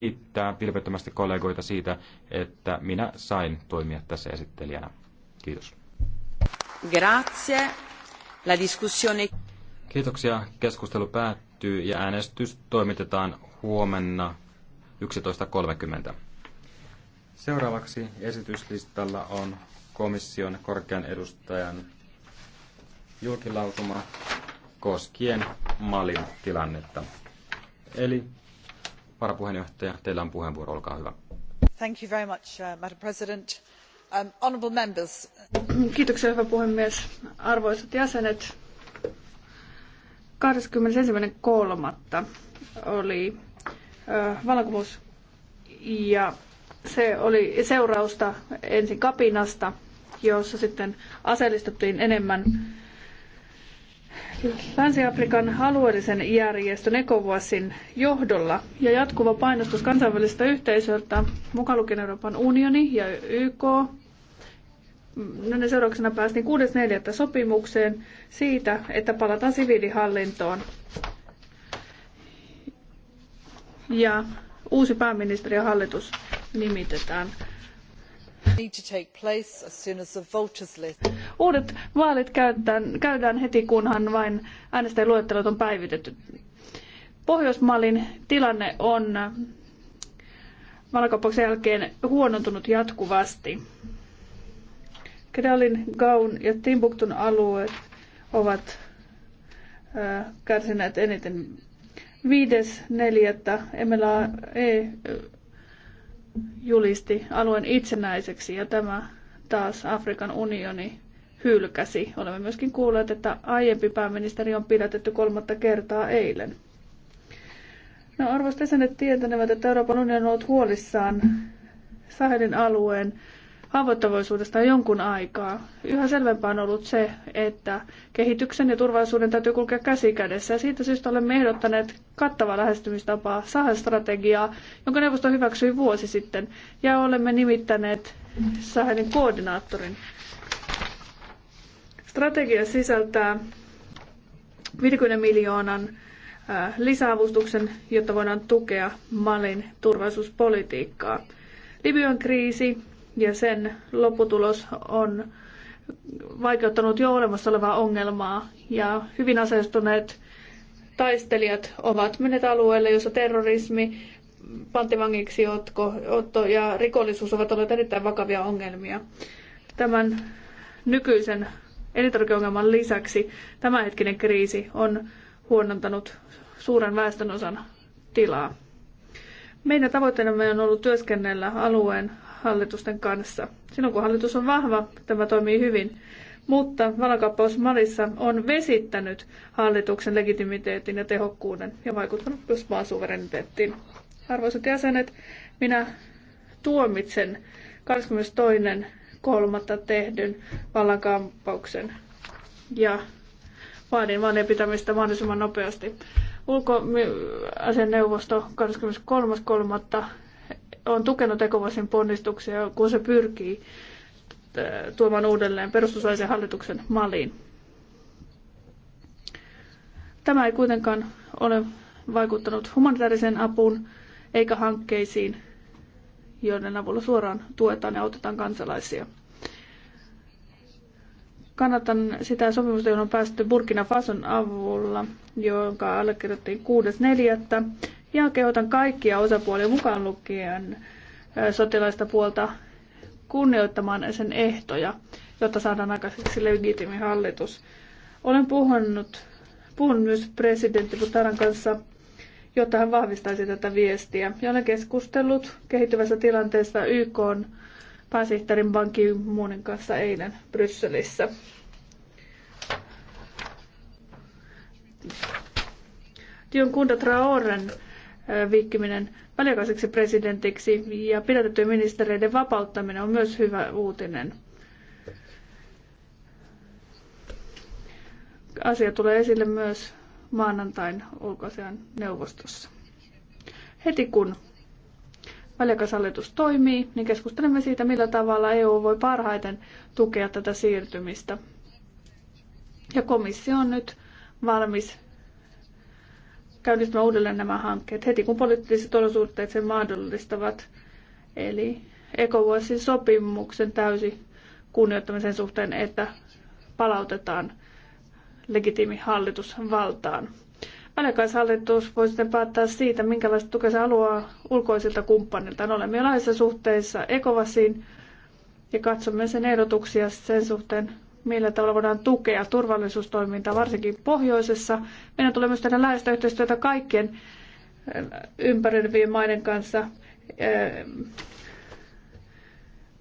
kiittää vilpettömästi kollegoita siitä, että minä sain toimia tässä esittelijänä. Kiitos. Grazie. La discussione... Kiitoksia. Keskustelu päättyy ja äänestys toimitetaan huomenna 11.30. Seuraavaksi esityslistalla on komission korkean edustajan julkilausuma koskien Malin tilannetta. Eli varapuheenjohtaja, teillä on puheenvuoro, olkaa hyvä. Uh, um, Kiitoksia, hyvä puhemies. Arvoisat jäsenet, 21.3. oli äh, vallankumous ja se oli seurausta ensin kapinasta, jossa sitten aseellistuttiin enemmän Länsi-Afrikan alueellisen järjestön ECOWASin johdolla ja jatkuva painostus kansainväliseltä yhteisöltä, mukaan lukien Euroopan unioni ja YK, näiden seurauksena päästiin 6.4. sopimukseen siitä, että palataan siviilihallintoon. Ja uusi pääministeri ja hallitus nimitetään. Uudet vaalit käytetään, käydään heti, kunhan vain äänestäjäluettelot on päivitetty. Pohjoismaalin tilanne on vallankauppauksen jälkeen huonontunut jatkuvasti. Kedalin, Gaun ja Timbuktun alueet ovat kärsineet eniten 5.4. Emela E julisti alueen itsenäiseksi ja tämä taas Afrikan unioni hylkäsi. Olemme myöskin kuulleet, että aiempi pääministeri on pidätetty kolmatta kertaa eilen. No arvoisat jäsenet tietänevät, että Euroopan unioni on ollut huolissaan Sahelin alueen haavoittuvaisuudesta jonkun aikaa. Yhä selvempää on ollut se, että kehityksen ja turvallisuuden täytyy kulkea käsi kädessä. Ja siitä syystä olemme ehdottaneet kattavaa lähestymistapaa, Sahel-strategiaa, jonka neuvosto hyväksyi vuosi sitten. Ja olemme nimittäneet Sahelin koordinaattorin. Strategia sisältää 50 miljoonan äh, lisäavustuksen, jotta voidaan tukea Malin turvallisuuspolitiikkaa. Libyan kriisi ja sen lopputulos on vaikeuttanut jo olemassa olevaa ongelmaa ja hyvin aseistuneet taistelijat ovat menneet alueelle, jossa terrorismi, panttivangiksi otto ja rikollisuus ovat olleet erittäin vakavia ongelmia. Tämän nykyisen elintarvikeongelman lisäksi tämänhetkinen kriisi on huonontanut suuren väestönosan tilaa. Meidän tavoitteemme on ollut työskennellä alueen hallitusten kanssa. Silloin kun hallitus on vahva, tämä toimii hyvin. Mutta valokappaus Malissa on vesittänyt hallituksen legitimiteetin ja tehokkuuden ja vaikuttanut myös maan suvereniteettiin. Arvoisat jäsenet, minä tuomitsen 22.3. tehdyn vallankaappauksen ja vaadin vaan pitämistä mahdollisimman nopeasti. Ulkoasianneuvosto 23.3 on tukenut ECOWASin ponnistuksia, kun se pyrkii tuomaan uudelleen perustuslaisen hallituksen maliin. Tämä ei kuitenkaan ole vaikuttanut humanitaariseen apuun eikä hankkeisiin, joiden avulla suoraan tuetaan ja autetaan kansalaisia. Kannatan sitä sopimusta, johon on päästy Burkina Fason avulla, jonka allekirjoittiin ja kehotan kaikkia osapuolia mukaan lukien sotilaista puolta kunnioittamaan sen ehtoja, jotta saadaan aikaiseksi legitimi hallitus. Olen puhunut, puhunut myös presidentti Butaran kanssa, jotta hän vahvistaisi tätä viestiä. Ja olen keskustellut kehittyvässä tilanteessa YK pääsihteerin Ban Ki-moonin kanssa eilen Brysselissä. Dion Kunda Traoren viikkiminen väliaikaiseksi presidentiksi ja pidätettyjen ministereiden vapauttaminen on myös hyvä uutinen. Asia tulee esille myös maanantain ulkoasian neuvostossa. Heti kun väliaikaishallitus toimii, niin keskustelemme siitä, millä tavalla EU voi parhaiten tukea tätä siirtymistä. Ja komissio on nyt valmis käynnistämään uudelleen nämä hankkeet heti, kun poliittiset olosuhteet sen mahdollistavat. Eli ekovuosin sopimuksen täysi kunnioittamisen suhteen, että palautetaan legitiimi hallitus valtaan. Välikaishallitus voi sitten päättää siitä, minkälaista tukea se haluaa ulkoisilta kumppaniltaan. No, olemme jo laissa suhteessa ekovasiin ja katsomme sen ehdotuksia sen suhteen, millä tavalla voidaan tukea turvallisuustoimintaa, varsinkin pohjoisessa. Meidän tulee myös tehdä läheistä yhteistyötä kaikkien eh, ympäröivien maiden kanssa, eh,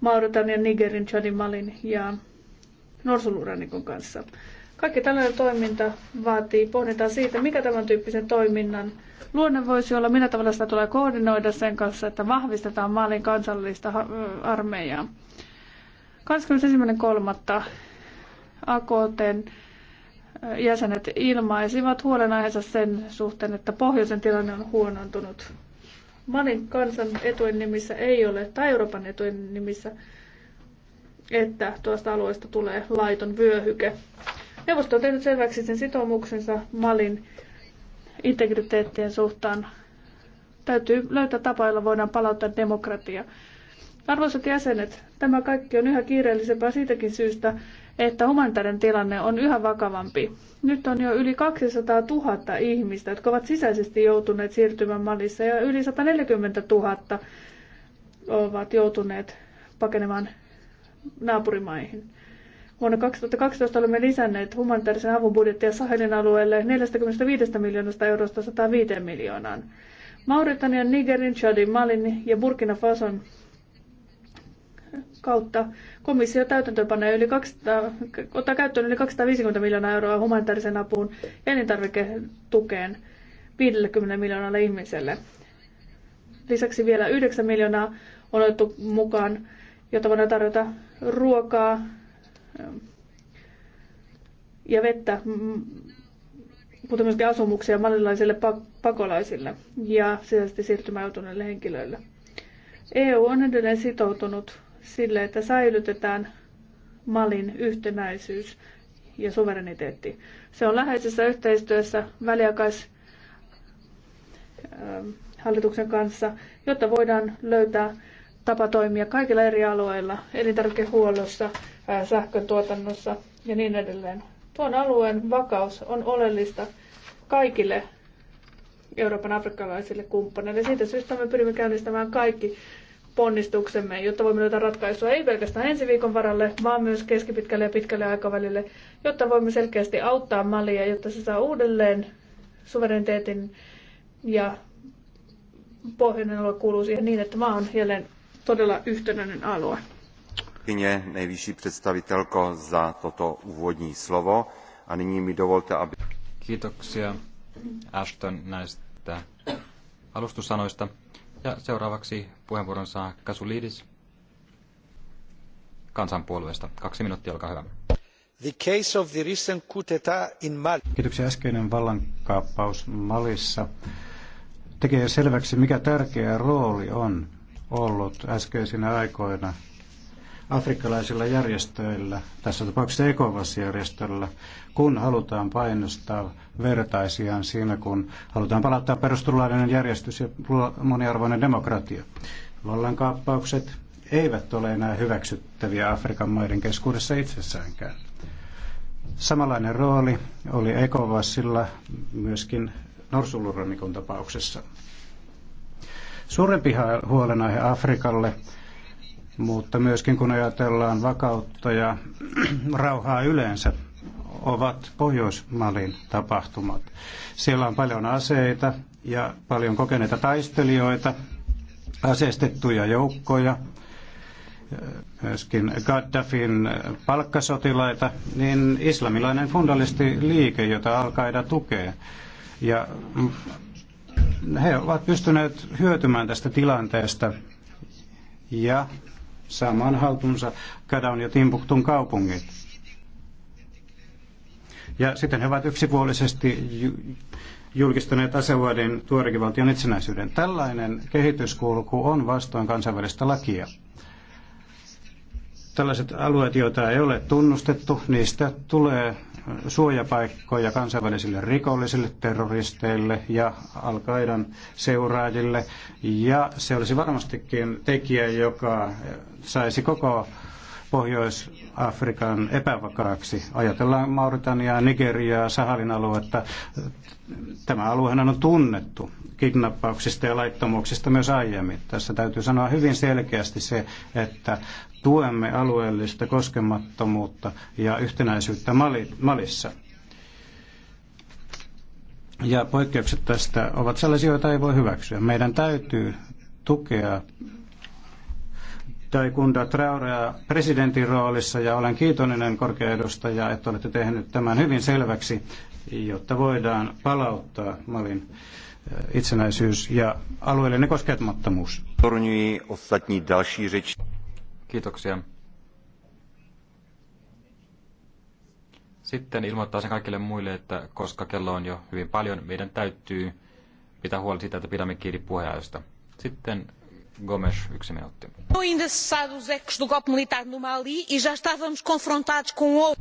Mauritanian, Nigerin, Chadin, Malin ja Norsulurannikon kanssa. Kaikki tällainen toiminta vaatii pohdintaa siitä, mikä tämän tyyppisen toiminnan luonne voisi olla, millä tavalla sitä tulee koordinoida sen kanssa, että vahvistetaan Malin kansallista armeijaa. 21.3. AKTn jäsenet ilmaisivat huolenaiheensa sen suhteen, että pohjoisen tilanne on huonontunut. Malin kansan etujen nimissä ei ole, tai Euroopan etujen nimissä, että tuosta alueesta tulee laiton vyöhyke. Neuvosto on tehnyt selväksi sen sitoumuksensa Malin integriteettien suhtaan. Täytyy löytää tapa, jolla voidaan palauttaa demokratia. Arvoisat jäsenet, tämä kaikki on yhä kiireellisempää siitäkin syystä, että humanitaarinen tilanne on yhä vakavampi. Nyt on jo yli 200 000 ihmistä, jotka ovat sisäisesti joutuneet siirtymään Malissa ja yli 140 000 ovat joutuneet pakenemaan naapurimaihin. Vuonna 2012 olemme lisänneet humanitaarisen avun budjettia Sahelin alueelle 45 miljoonasta eurosta 105 miljoonaan. Mauritanian, Nigerin, Chadin, Malin ja Burkina Fason kautta komissio täytäntöönpanee yli 200, ottaa käyttöön yli 250 miljoonaa euroa humanitaarisen apuun ja elintarviketukeen 50 miljoonalle ihmiselle. Lisäksi vielä 9 miljoonaa on otettu mukaan, jotta voidaan tarjota ruokaa ähm, ja vettä, mm, mutta myöskin asumuksia malilaisille pakolaisille ja sisäisesti siirtymään joutuneille henkilöille. EU on edelleen sitoutunut sille, että säilytetään Malin yhtenäisyys ja suvereniteetti. Se on läheisessä yhteistyössä väliaikais ähm, hallituksen kanssa, jotta voidaan löytää tapa toimia kaikilla eri alueilla, elintarvikehuollossa, äh, sähköntuotannossa ja niin edelleen. Tuon alueen vakaus on oleellista kaikille Euroopan afrikkalaisille kumppaneille. Siitä syystä me pyrimme käynnistämään kaikki ponnistuksemme, jotta voimme löytää ratkaisua ei pelkästään ensi viikon varalle, vaan myös keskipitkälle ja pitkälle aikavälille, jotta voimme selkeästi auttaa Malia, jotta se saa uudelleen suvereniteetin ja pohjoinen alue kuuluu siihen niin, että maa on jälleen todella yhtenäinen alue. Kyně, nejvyšší představitelko, za toto úvodní slovo. A nyní mi dovolte, aby... Kiitoksia Ashton näistä alustussanoista. Ja seuraavaksi puheenvuoron saa Kasulidis kansanpuolueesta. Kaksi minuuttia, olkaa hyvä. The case of the recent in Mali. Kiitoksia äskeinen vallankaappaus Malissa tekee selväksi, mikä tärkeä rooli on ollut äskeisinä aikoina afrikkalaisilla järjestöillä, tässä tapauksessa ECOWAS-järjestöllä, kun halutaan painostaa vertaisiaan siinä, kun halutaan palauttaa perustulainen järjestys ja moniarvoinen demokratia. Vallankaappaukset eivät ole enää hyväksyttäviä Afrikan maiden keskuudessa itsessäänkään. Samanlainen rooli oli ECOWASilla myöskin Norsulurannikon tapauksessa. Suurempi huolenaihe Afrikalle mutta myöskin kun ajatellaan vakautta ja rauhaa yleensä, ovat Pohjoismalin tapahtumat. Siellä on paljon aseita ja paljon kokeneita taistelijoita, aseistettuja joukkoja, myöskin Gaddafin palkkasotilaita, niin islamilainen fundalistiliike, jota al tukee. Ja he ovat pystyneet hyötymään tästä tilanteesta ja saamaan haltuunsa Kadaun ja Timbuktun kaupungit. Ja sitten he ovat yksipuolisesti julkistaneet asevuodin tuorekivaltion itsenäisyyden. Tällainen kehityskulku on vastoin kansainvälistä lakia. Tällaiset alueet, joita ei ole tunnustettu, niistä tulee suojapaikkoja kansainvälisille rikollisille, terroristeille ja al seuraajille. Ja se olisi varmastikin tekijä, joka saisi koko Pohjois-Afrikan epävakaaksi. Ajatellaan Mauritaniaa, Nigeriaa, Sahalin aluetta. Tämä aluehan on tunnettu kidnappauksista ja laittomuuksista myös aiemmin. Tässä täytyy sanoa hyvin selkeästi se, että tuemme alueellista koskemattomuutta ja yhtenäisyyttä Malissa. Ja poikkeukset tästä ovat sellaisia, joita ei voi hyväksyä. Meidän täytyy tukea tai kunda Traorea presidentin roolissa ja olen kiitollinen korkea edustaja, että olette tehnyt tämän hyvin selväksi, jotta voidaan palauttaa Malin eh, itsenäisyys ja alueellinen koskemattomuus. Kiitoksia. Sitten ilmoittaa sen kaikille muille, että koska kello on jo hyvin paljon, meidän täytyy pitää huoli siitä, että pidämme kiinni puheajosta. Sitten Gomes, yksi minuutti. do no Mali e confrontados com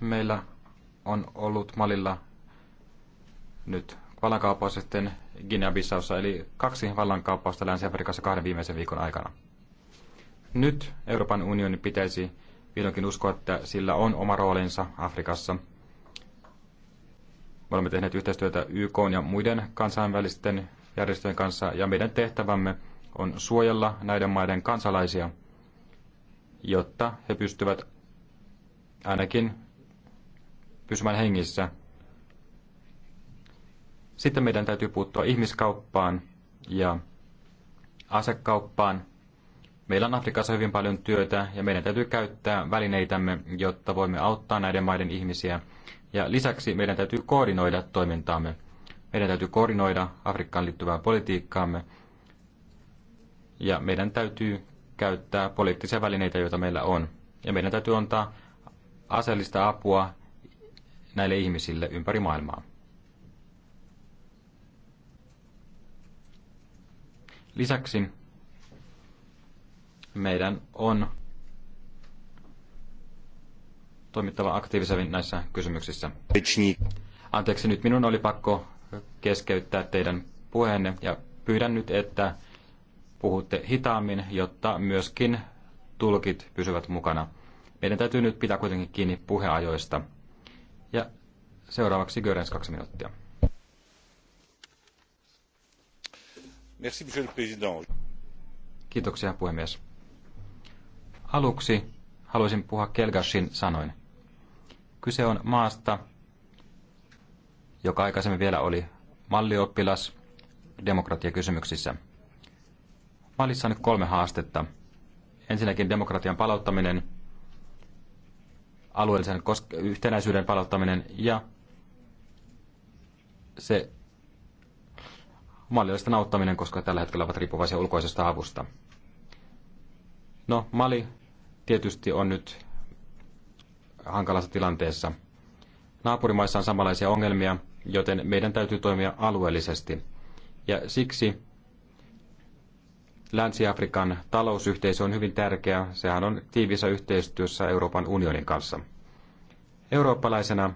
Meillä on ollut Malilla nyt vallankaappaus sitten Guinea-Bissaussa, eli kaksi vallankaappausta Länsi-Afrikassa kahden viimeisen viikon aikana. Nyt Euroopan unioni pitäisi vihdoinkin uskoa, että sillä on oma roolinsa Afrikassa. Me olemme tehneet yhteistyötä YK ja muiden kansainvälisten järjestöjen kanssa ja meidän tehtävämme on suojella näiden maiden kansalaisia, jotta he pystyvät ainakin pysymään hengissä. Sitten meidän täytyy puuttua ihmiskauppaan ja asekauppaan Meillä on Afrikassa hyvin paljon työtä ja meidän täytyy käyttää välineitämme, jotta voimme auttaa näiden maiden ihmisiä. Ja lisäksi meidän täytyy koordinoida toimintaamme. Meidän täytyy koordinoida Afrikkaan liittyvää politiikkaamme. Ja meidän täytyy käyttää poliittisia välineitä, joita meillä on. Ja meidän täytyy antaa aseellista apua näille ihmisille ympäri maailmaa. Lisäksi meidän on toimittava aktiivisemmin näissä kysymyksissä. Anteeksi, nyt minun oli pakko keskeyttää teidän puheenne ja pyydän nyt, että puhutte hitaammin, jotta myöskin tulkit pysyvät mukana. Meidän täytyy nyt pitää kuitenkin kiinni puheajoista. Ja seuraavaksi Görens kaksi minuuttia. Merci, Kiitoksia puhemies. Aluksi haluaisin puhua Kelgashin sanoin. Kyse on maasta, joka aikaisemmin vielä oli mallioppilas demokratiakysymyksissä. Mallissa on nyt kolme haastetta. Ensinnäkin demokratian palauttaminen, alueellisen yhtenäisyyden palauttaminen ja se mallioista nauttaminen, koska tällä hetkellä ovat riippuvaisia ulkoisesta avusta. No, Mali tietysti on nyt hankalassa tilanteessa. Naapurimaissa on samanlaisia ongelmia, joten meidän täytyy toimia alueellisesti. Ja siksi Länsi-Afrikan talousyhteisö on hyvin tärkeä. Sehän on tiivissä yhteistyössä Euroopan unionin kanssa. Eurooppalaisena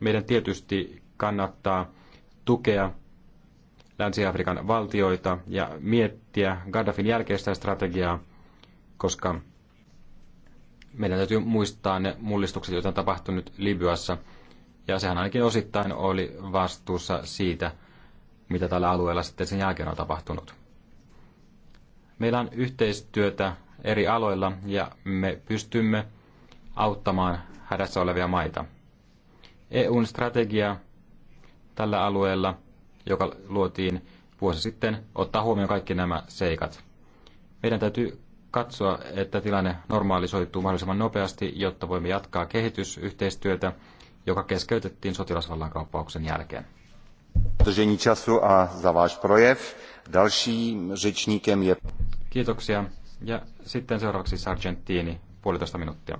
meidän tietysti kannattaa tukea Länsi-Afrikan valtioita ja miettiä Gaddafin jälkeistä strategiaa, koska meidän täytyy muistaa ne mullistukset, joita on tapahtunut Libyassa. Ja sehän ainakin osittain oli vastuussa siitä, mitä tällä alueella sitten sen jälkeen on tapahtunut. Meillä on yhteistyötä eri aloilla ja me pystymme auttamaan hädässä olevia maita. EUn strategia tällä alueella, joka luotiin vuosi sitten, ottaa huomioon kaikki nämä seikat. Meidän täytyy katsoa, että tilanne normaalisoituu mahdollisimman nopeasti, jotta voimme jatkaa kehitysyhteistyötä, joka keskeytettiin sotilasvallan kauppauksen jälkeen. Kiitoksia. Ja sitten seuraavaksi Sargentini, puolitoista minuuttia.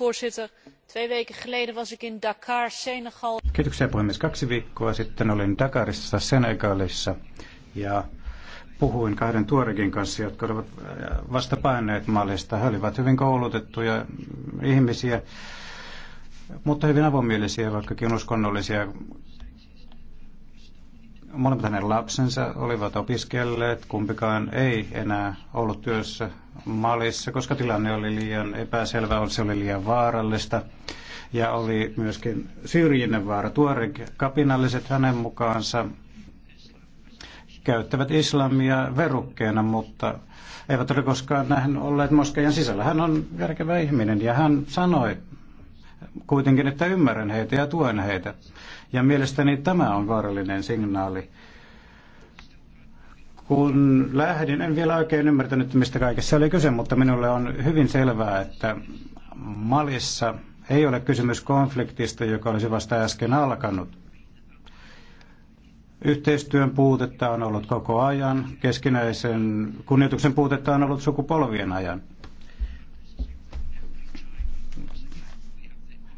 voorzitter. Twee weken geleden was ik in Dakar, Senegal. Kiitoksia puhemies. Kaksi viikkoa sitten olin Dakarissa, Senegalissa ja puhuin kahden tuorekin kanssa, jotka olivat äh, vasta paineet mallista. He olivat hyvin koulutettuja ihmisiä, mutta hyvin avomielisiä, vaikkakin uskonnollisia. Molemmat hänen lapsensa olivat opiskelleet, kumpikaan ei enää ollut työssä Malissa, koska tilanne oli liian epäselvä, se oli liian vaarallista. Ja oli myöskin syrjinnän vaara. Tuore kapinalliset hänen mukaansa käyttävät islamia verukkeena, mutta eivät ole koskaan nähneet olleet moskeijan sisällä. Hän on järkevä ihminen ja hän sanoi kuitenkin, että ymmärrän heitä ja tuen heitä. Ja mielestäni tämä on vaarallinen signaali. Kun lähdin, en vielä oikein ymmärtänyt, mistä kaikessa oli kyse, mutta minulle on hyvin selvää, että Malissa ei ole kysymys konfliktista, joka olisi vasta äsken alkanut Yhteistyön puutetta on ollut koko ajan, keskinäisen kunnioituksen puutetta on ollut sukupolvien ajan.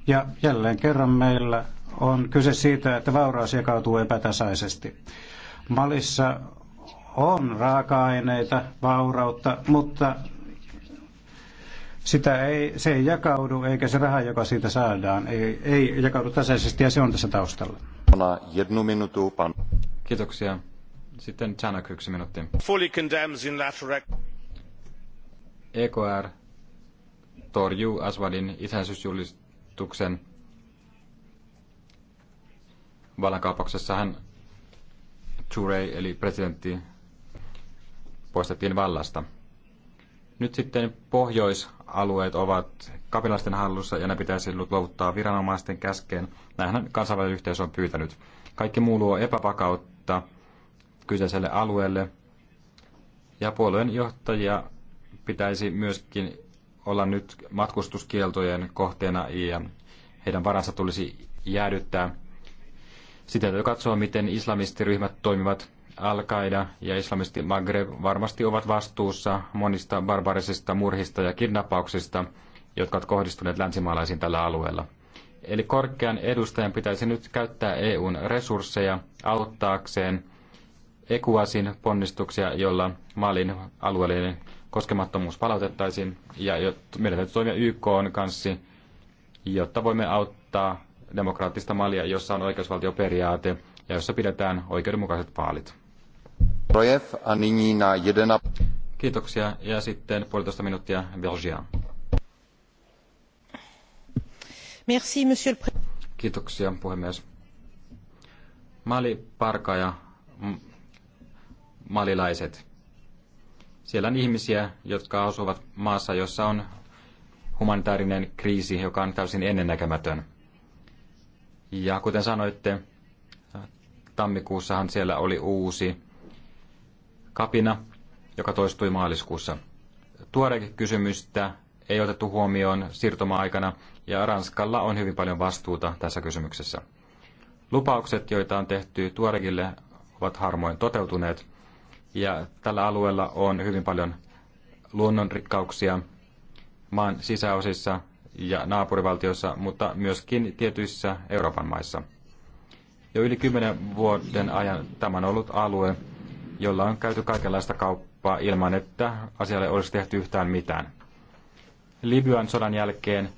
Ja jälleen kerran meillä on kyse siitä, että vauraus jakautuu epätasaisesti. Malissa on raaka-aineita, vaurautta, mutta sitä ei, se ei jakaudu, eikä se raha, joka siitä saadaan, ei, ei jakaudu tasaisesti, ja se on tässä taustalla. Sitten Fully condemns unilateral... EKR torjuu Aswadin itsenäisyysjulistuksen vallankaappauksessa hän Toure eli presidentti poistettiin vallasta. Nyt sitten pohjois alueet ovat kapinallisten hallussa ja ne pitäisi luovuttaa viranomaisten käskeen. Näinhän kansainvälinen yhteisö on pyytänyt. Kaikki muu luo epävakautta kyseiselle alueelle ja puolueen johtajia pitäisi myöskin olla nyt matkustuskieltojen kohteena ja heidän varansa tulisi jäädyttää. Sitä täytyy katsoa, miten islamistiryhmät toimivat al ja islamisti Maghreb varmasti ovat vastuussa monista barbarisista murhista ja kidnappauksista, jotka ovat kohdistuneet länsimaalaisiin tällä alueella. Eli korkean edustajan pitäisi nyt käyttää EUn resursseja auttaakseen ECOWASin ponnistuksia, jolla Malin alueellinen koskemattomuus palautettaisiin. Ja meidän täytyy toimia YK kanssa, jotta voimme auttaa demokraattista Malia, jossa on oikeusvaltioperiaate ja jossa pidetään oikeudenmukaiset vaalit projev a nyní na jedena... Kiitoksia ja sitten puolitoista minuuttia Belgia. Merci, monsieur le... Kiitoksia puhemies. Mali, Parka ja malilaiset. Siellä on ihmisiä, jotka asuvat maassa, jossa on humanitaarinen kriisi, joka on täysin ennennäkemätön. Ja kuten sanoitte, tammikuussahan siellä oli uusi kapina, joka toistui maaliskuussa. Tuoreekin kysymystä ei otettu huomioon siirtoma-aikana ja Ranskalla on hyvin paljon vastuuta tässä kysymyksessä. Lupaukset, joita on tehty Tuoregille, ovat harmoin toteutuneet ja tällä alueella on hyvin paljon luonnonrikkauksia maan sisäosissa ja naapurivaltioissa, mutta myöskin tietyissä Euroopan maissa. Jo yli kymmenen vuoden ajan tämä on ollut alue, jolla on käyty kaikenlaista kauppaa ilman, että asialle olisi tehty yhtään mitään. Libyan sodan jälkeen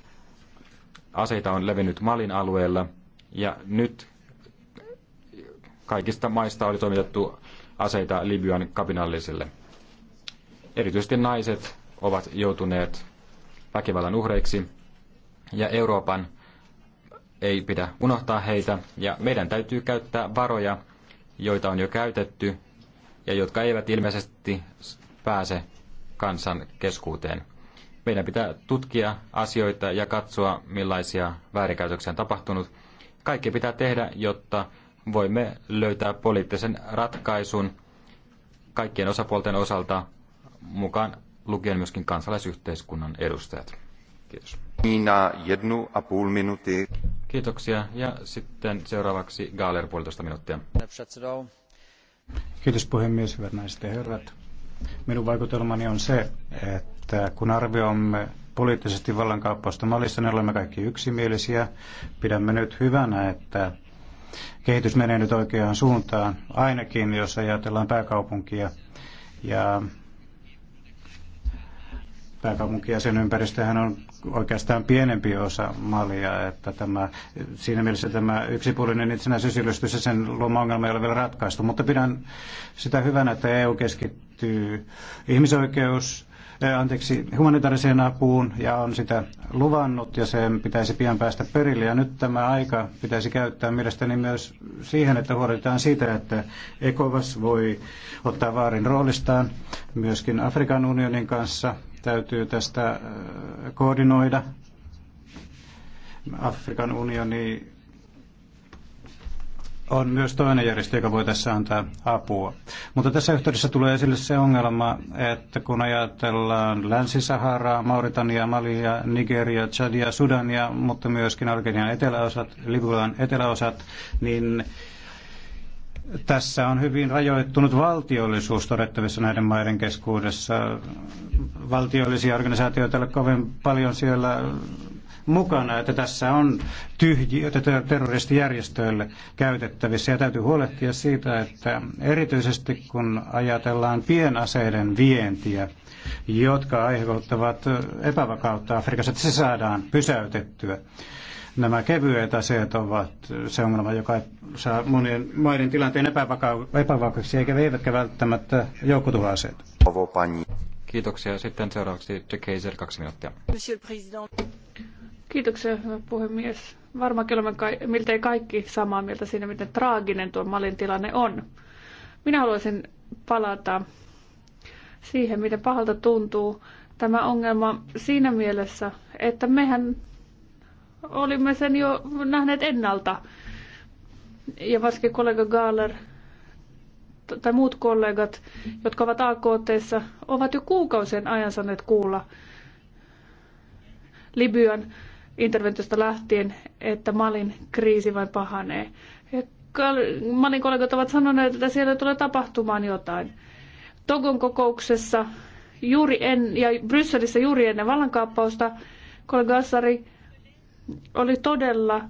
aseita on levinnyt Malin alueella ja nyt kaikista maista oli toimitettu aseita Libyan kapinallisille. Erityisesti naiset ovat joutuneet väkivallan uhreiksi ja Euroopan ei pidä unohtaa heitä ja meidän täytyy käyttää varoja, joita on jo käytetty ja jotka eivät ilmeisesti pääse kansan keskuuteen. Meidän pitää tutkia asioita ja katsoa, millaisia väärinkäytöksiä on tapahtunut. Kaikki pitää tehdä, jotta voimme löytää poliittisen ratkaisun kaikkien osapuolten osalta mukaan lukien myöskin kansalaisyhteiskunnan edustajat. Kiitos. Minä jednu a půl minuutti. Kiitoksia. Ja sitten seuraavaksi Gaaler puolitoista minuuttia. Kiitos puhemies, hyvät naiset ja herrat. Minun vaikutelmani on se, että kun arvioimme poliittisesti vallankaappausta Malissa, niin olemme kaikki yksimielisiä. Pidämme nyt hyvänä, että kehitys menee nyt oikeaan suuntaan, ainakin jos ajatellaan pääkaupunkia. Ja pääkaupunki ja sen ympäristöhän on oikeastaan pienempi osa Malia, että tämä, siinä mielessä tämä yksipuolinen itsenäisyysylistys ja sen luoma ongelma ei ole vielä ratkaistu, mutta pidän sitä hyvänä, että EU keskittyy ihmisoikeus, eh, anteeksi, humanitaariseen apuun ja on sitä luvannut ja sen pitäisi pian päästä perille. Ja nyt tämä aika pitäisi käyttää mielestäni myös siihen, että huolehditaan siitä, että ECOVAS voi ottaa vaarin roolistaan myöskin Afrikan unionin kanssa Täytyy tästä äh, koordinoida. Afrikan unioni on myös toinen järjestö, joka voi tässä antaa apua. Mutta tässä yhteydessä tulee esille se ongelma, että kun ajatellaan Länsi-Saharaa, Mauritania, Malia, Nigeria, Chadia, Sudania, mutta myöskin Algerian eteläosat, Libyan eteläosat, niin tässä on hyvin rajoittunut valtiollisuus todettavissa näiden maiden keskuudessa. Valtiollisia organisaatioita ei ole kovin paljon siellä mukana, että tässä on tyhjiötä terroristijärjestöille käytettävissä ja täytyy huolehtia siitä, että erityisesti kun ajatellaan pienaseiden vientiä, jotka aiheuttavat epävakautta Afrikassa, että se saadaan pysäytettyä nämä kevyet aseet ovat se ongelma, joka saa monien maiden tilanteen epävakaaksi, eikä veivätkä välttämättä joukkotuhoaseet. Kiitoksia. Sitten seuraavaksi De Keiser, kaksi minuuttia. Kiitoksia, hyvä puhemies. kyllä me ka- miltei kaikki samaa mieltä siinä, miten traaginen tuo Malin tilanne on. Minä haluaisin palata siihen, miten pahalta tuntuu tämä ongelma siinä mielessä, että mehän olimme sen jo nähneet ennalta. Ja varsinkin kollega Gaaler tai muut kollegat, jotka ovat akt ovat jo kuukausien ajan saaneet kuulla Libyan interventiosta lähtien, että Malin kriisi vain pahanee. Ja Malin kollegat ovat sanoneet, että siellä tulee tapahtumaan jotain. Togon kokouksessa juuri en, ja Brysselissä juuri ennen vallankaappausta kollega Assari oli todella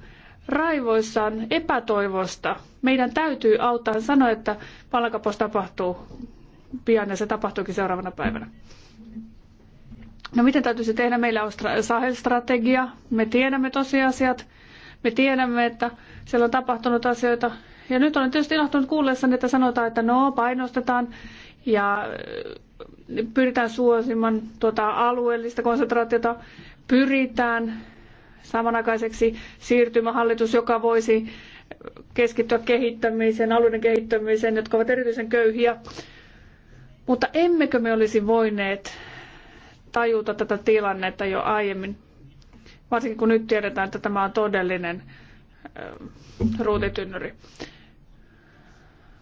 raivoissaan epätoivosta. Meidän täytyy auttaa. Hän sanoi, että palkapos tapahtuu pian ja se tapahtuukin seuraavana päivänä. No miten täytyisi tehdä? Meillä on Sahel-strategia. Me tiedämme tosiasiat. Me tiedämme, että siellä on tapahtunut asioita. Ja nyt olen tietysti ilahtunut kuullessani, että sanotaan, että no painostetaan ja äh, pyritään suosimaan tuota alueellista konsentraatiota, pyritään samanaikaiseksi siirtymähallitus, joka voisi keskittyä kehittämiseen, alueiden kehittämiseen, jotka ovat erityisen köyhiä. Mutta emmekö me olisi voineet tajuta tätä tilannetta jo aiemmin, varsinkin kun nyt tiedetään, että tämä on todellinen ruutitynnyri.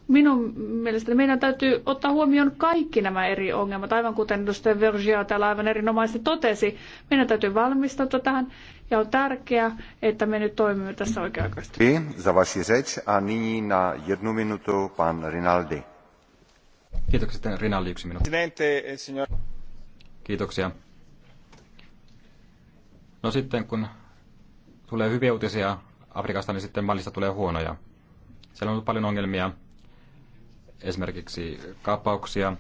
Minun mielestäni meidän täytyy ottaa huomioon kaikki nämä eri ongelmat, aivan kuten edustaja Vergia täällä aivan erinomaisesti totesi. Meidän täytyy valmistautua tähän ja on tärkeää, että me nyt toimimme tässä oikea-aikaisesti. za vaši řeč a nyní na jednu minutu pan Rinaldi. Kiitokset, Rinaldi, yksi minuutti. Kiitoksia. No sitten, kun tulee hyviä uutisia Afrikasta, niin sitten mallista tulee huonoja. Siellä on ollut paljon ongelmia esimerkiksi kapauksia,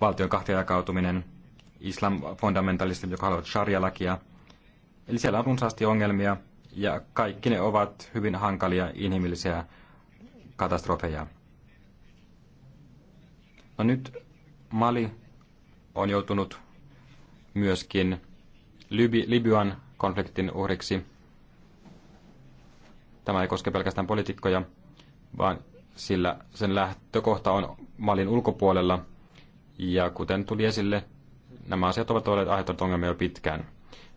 valtion kahtiajakautuminen, islamfundamentalistit, jotka haluavat sharia-lakia. Eli siellä on runsaasti ongelmia ja kaikki ne ovat hyvin hankalia inhimillisiä katastrofeja. No nyt Mali on joutunut myöskin Liby- Libyan konfliktin uhriksi. Tämä ei koske pelkästään poliitikkoja, vaan sillä sen lähtökohta on Malin ulkopuolella, ja kuten tuli esille, nämä asiat ovat olleet aiheuttaneet ongelmia jo pitkään.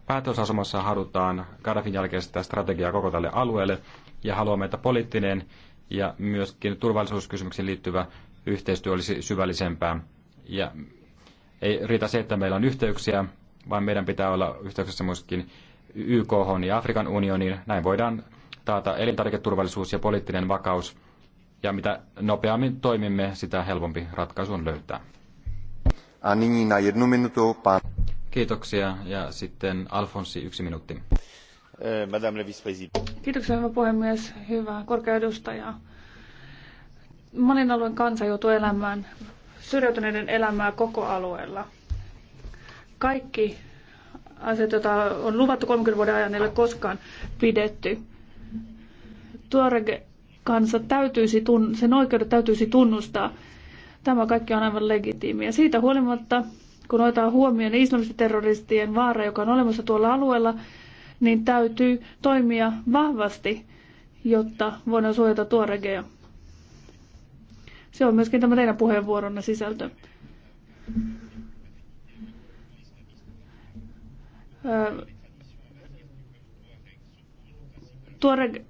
Päätösasemassa halutaan Gaddafin jälkeistä strategiaa koko tälle alueelle, ja haluamme, että poliittinen ja myöskin turvallisuuskysymyksiin liittyvä yhteistyö olisi syvällisempää. Ja ei riitä se, että meillä on yhteyksiä, vaan meidän pitää olla yhteyksissä myöskin YK ja Afrikan unioniin. Näin voidaan taata elintarviketurvallisuus ja poliittinen vakaus ja mitä nopeammin toimimme, sitä helpompi ratkaisu on löytää. A nyní na jednu minutu Kiitoksia. Ja sitten Alfonsi, yksi minuutti. Eh, Madame la Kiitoksia, hyvä puhemies. Hyvä korkea edustaja. Malin alueen kansa joutuu elämään syrjäytyneiden elämää koko alueella. Kaikki asiat, joita on luvattu 30 vuoden ajan, ei ole koskaan pidetty. Tuorege kansa täytyisi, sen oikeudet täytyisi tunnustaa. Tämä kaikki on aivan legitiimiä. Siitä huolimatta, kun otetaan huomioon islamistiterroristien vaara, joka on olemassa tuolla alueella, niin täytyy toimia vahvasti, jotta voidaan suojata tuoregeja. Se on myöskin tämä teidän puheenvuoronne sisältö. Tuore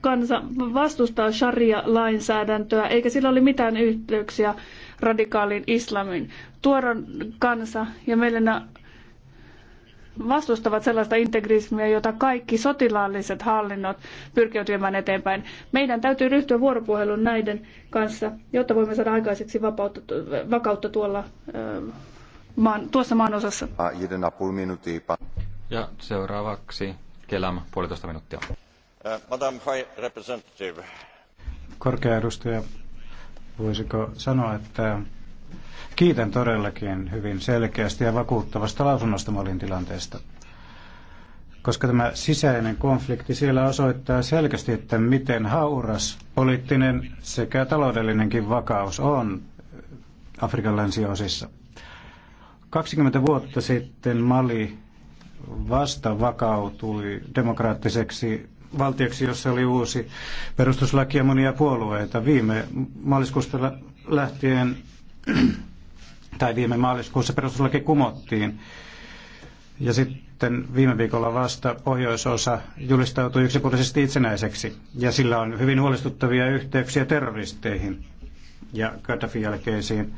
kansa vastustaa sharia-lainsäädäntöä, eikä sillä ole mitään yhteyksiä radikaaliin islamiin. Tuoron kansa ja meillä vastustavat sellaista integrismiä, jota kaikki sotilaalliset hallinnot pyrkivät viemään eteenpäin. Meidän täytyy ryhtyä vuoropuheluun näiden kanssa, jotta voimme saada aikaiseksi vapautta, vakautta tuolla, maan, tuossa maanosassa. Ja seuraavaksi Kelam puolitoista minuuttia. Uh, Madam High Representative. Korkea edustaja, voisiko sanoa, että kiitän todellakin hyvin selkeästi ja vakuuttavasta lausunnosta Malin tilanteesta koska tämä sisäinen konflikti siellä osoittaa selkeästi, että miten hauras poliittinen sekä taloudellinenkin vakaus on Afrikan länsiosissa. 20 vuotta sitten Mali vasta vakautui demokraattiseksi valtioksi, jossa oli uusi perustuslaki ja monia puolueita. Viime maaliskuusta lähtien, tai viime maaliskuussa perustuslaki kumottiin. Ja sitten viime viikolla vasta pohjoisosa julistautui yksipuolisesti itsenäiseksi. Ja sillä on hyvin huolestuttavia yhteyksiä terroristeihin ja Gaddafin jälkeisiin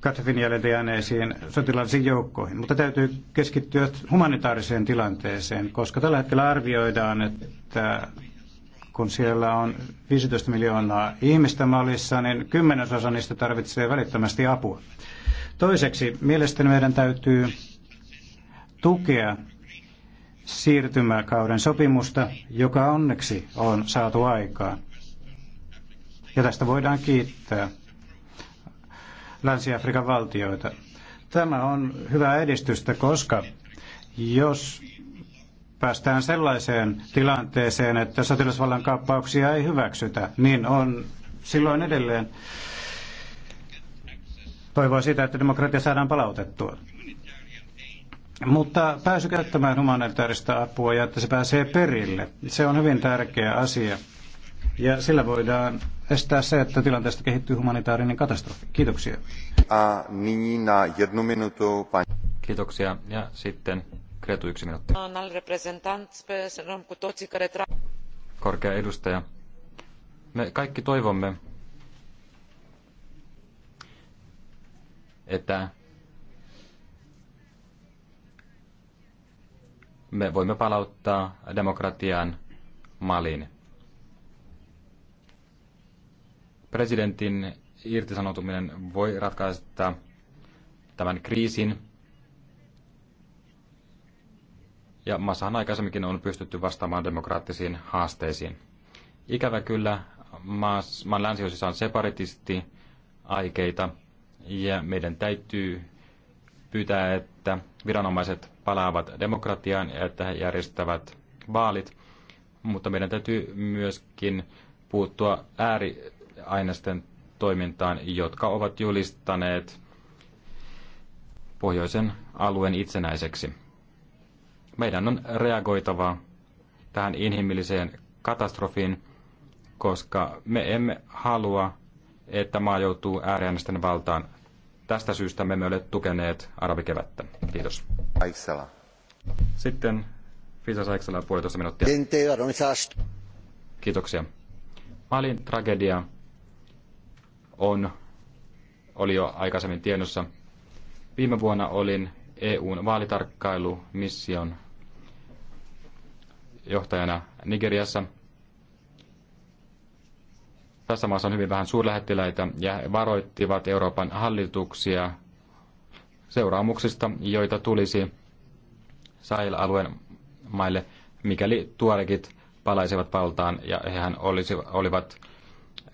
Gaddafin jäljiltä jääneisiin sotilaallisiin joukkoihin. Mutta täytyy keskittyä humanitaariseen tilanteeseen, koska tällä hetkellä arvioidaan, että kun siellä on 15 miljoonaa ihmistä mallissa, niin kymmenesosa niistä tarvitsee välittömästi apua. Toiseksi, mielestäni meidän täytyy tukea siirtymäkauden sopimusta, joka onneksi on saatu aikaan. Ja tästä voidaan kiittää Länsi-Afrikan valtioita. Tämä on hyvää edistystä, koska jos päästään sellaiseen tilanteeseen, että sotilasvallan kaappauksia ei hyväksytä, niin on silloin edelleen toivoa sitä, että demokratia saadaan palautettua. Mutta pääsy käyttämään humanitaarista apua ja että se pääsee perille, se on hyvin tärkeä asia ja sillä voidaan estää se, että tilanteesta kehittyy humanitaarinen katastrofi. Kiitoksia. A, nyní na jednu minutu, pan... Kiitoksia. Ja sitten Kretu yksi minuutti. Korkea edustaja. Me kaikki toivomme, että me voimme palauttaa demokratian malin. Presidentin irtisanoutuminen voi ratkaista tämän kriisin. Ja maassahan aikaisemminkin on pystytty vastaamaan demokraattisiin haasteisiin. Ikävä kyllä maan länsiosissa on separatisti aikeita ja meidän täytyy pyytää, että viranomaiset palaavat demokratiaan ja että he järjestävät vaalit, mutta meidän täytyy myöskin puuttua ääri ainesten toimintaan, jotka ovat julistaneet pohjoisen alueen itsenäiseksi. Meidän on reagoitava tähän inhimilliseen katastrofiin, koska me emme halua, että maa joutuu ääriäänisten valtaan. Tästä syystä me emme ole tukeneet arabikevättä. Kiitos. Aiksala. Sitten Fisa Saiksala puolitoista minuuttia. Kiitoksia. Malin tragedia on, oli jo aikaisemmin tiedossa. Viime vuonna olin EUn vaalitarkkailumission johtajana Nigeriassa. Tässä maassa on hyvin vähän suurlähettiläitä ja varoittivat Euroopan hallituksia seuraamuksista, joita tulisi Sahel-alueen maille, mikäli tuorekit palaisivat valtaan ja hehän olisi, olivat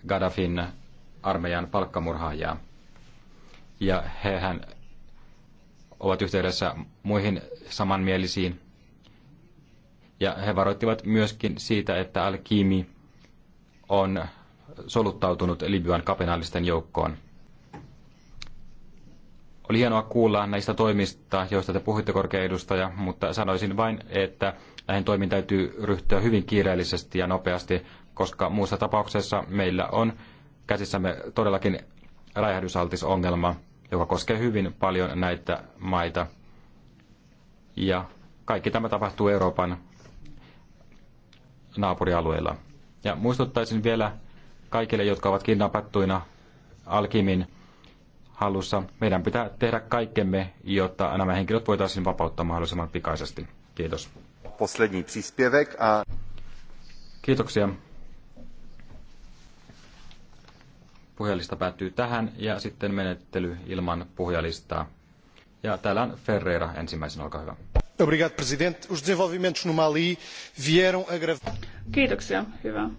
Gaddafin armeijan palkkamurhaajia. Ja hehän ovat yhteydessä muihin samanmielisiin. Ja he varoittivat myöskin siitä, että Al-Kimi on soluttautunut Libyan kapinallisten joukkoon. Oli hienoa kuulla näistä toimista, joista te puhuitte korkea edustaja, mutta sanoisin vain, että näihin toimiin täytyy ryhtyä hyvin kiireellisesti ja nopeasti, koska muussa tapauksessa meillä on käsissämme todellakin räjähdysaltis ongelma, joka koskee hyvin paljon näitä maita. Ja kaikki tämä tapahtuu Euroopan naapurialueilla. Ja muistuttaisin vielä kaikille, jotka ovat kidnappattuina Alkimin hallussa. Meidän pitää tehdä kaikkemme, jotta nämä henkilöt voitaisiin vapauttaa mahdollisimman pikaisesti. Kiitos. Poslední příspěvek a... Kiitoksia. Puhelista päättyy tähän ja sitten menettely ilman puhelistaa. Ja täällä on Ferreira ensimmäisen olkaa hyvä. Obrigado, presidente. Os desenvolvimentos no Mali vieram a agravar... Kiitoksia, hyvä.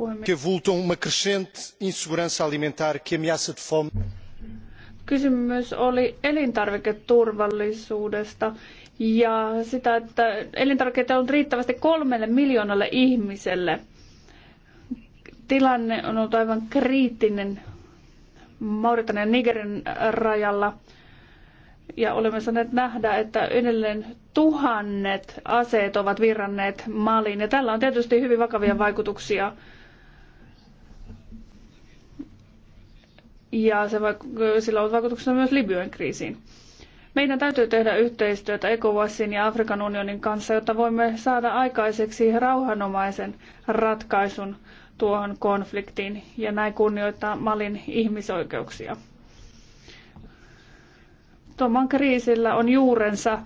Que avultam uma crescente insegurança alimentar que ameaça de fome. Kysymys oli elintarviketurvallisuudesta ja sitä, että elintarvikkeita on riittävästi kolmelle miljoonalle ihmiselle – tilanne on ollut aivan kriittinen Mauritanian Nigerin rajalla. Ja olemme saaneet nähdä, että edelleen tuhannet aseet ovat virranneet Maliin. Ja tällä on tietysti hyvin vakavia vaikutuksia. Ja se vaik- sillä on vaikutuksena myös Libyan kriisiin. Meidän täytyy tehdä yhteistyötä ECOWASin ja Afrikan unionin kanssa, jotta voimme saada aikaiseksi rauhanomaisen ratkaisun – tuohon konfliktiin ja näin kunnioittaa Malin ihmisoikeuksia. Tuoman kriisillä on juurensa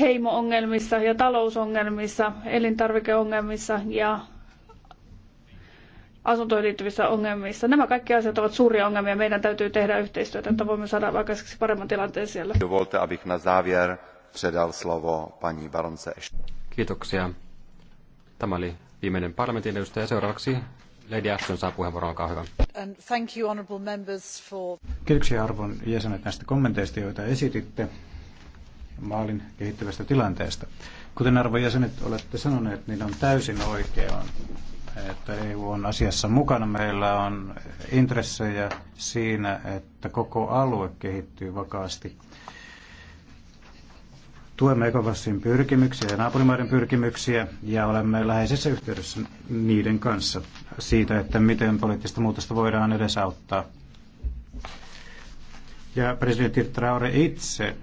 heimoongelmissa ja talousongelmissa, elintarvikeongelmissa ja asuntoihin liittyvissä ongelmissa. Nämä kaikki asiat ovat suuria ongelmia. Meidän täytyy tehdä yhteistyötä, että voimme saada aikaiseksi paremman tilanteen siellä. Dovolte, abych na závěr předal slovo paní baronce Kiitoksia. Tämä oli viimeinen parlamentin edustaja. Seuraavaksi Lady Ashton saa puheenvuoron, olkaa hyvä. And thank you, honorable members for... Kiitoksia arvon jäsenet näistä kommenteista, joita esititte maalin kehittyvästä tilanteesta. Kuten arvon jäsenet olette sanoneet, niin on täysin oikein, että EU on asiassa mukana. Meillä on intressejä siinä, että koko alue kehittyy vakaasti Tuemme ECOWASin pyrkimyksiä ja naapurimaiden pyrkimyksiä ja olemme läheisessä yhteydessä niiden kanssa siitä, että miten poliittista muutosta voidaan edesauttaa. Ja presidentti Traore itse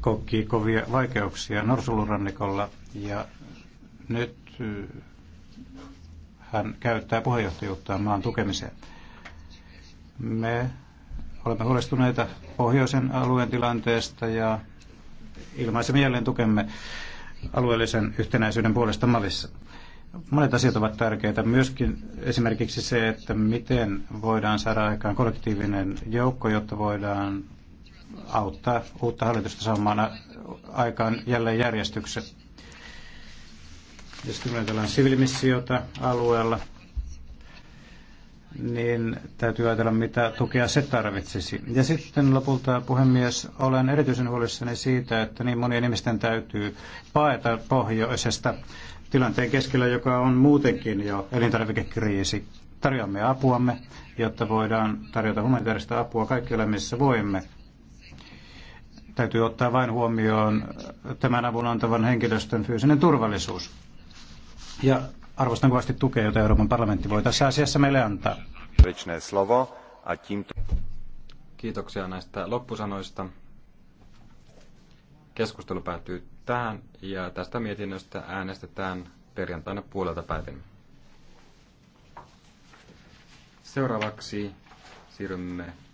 koki kovia vaikeuksia Norsulurannikolla ja nyt eh, hän käyttää puheenjohtajuuttaan maan tukemiseen. Me olemme huolestuneita pohjoisen alueen tilanteesta ja ilmaisemme jälleen tukemme alueellisen yhtenäisyyden puolesta Malissa. Monet asiat ovat tärkeitä, myöskin esimerkiksi se, että miten voidaan saada aikaan kollektiivinen joukko, jotta voidaan auttaa uutta hallitusta saamaan aikaan jälleen järjestyksen. Ja sitten meillä on alueella, niin täytyy ajatella, mitä tukea se tarvitsisi. Ja sitten lopulta, puhemies, olen erityisen huolissani siitä, että niin monien ihmisten täytyy paeta pohjoisesta tilanteen keskellä, joka on muutenkin jo elintarvikekriisi. Tarjoamme apuamme, jotta voidaan tarjota humanitaarista apua kaikkialle, missä voimme. Täytyy ottaa vain huomioon tämän avun antavan henkilöstön fyysinen turvallisuus. Ja Arvostan kovasti tukea, jota Euroopan parlamentti voi tässä asiassa meille antaa. Kiitoksia näistä loppusanoista. Keskustelu päättyy tähän ja tästä mietinnöstä äänestetään perjantaina puolelta päivin. Seuraavaksi siirrymme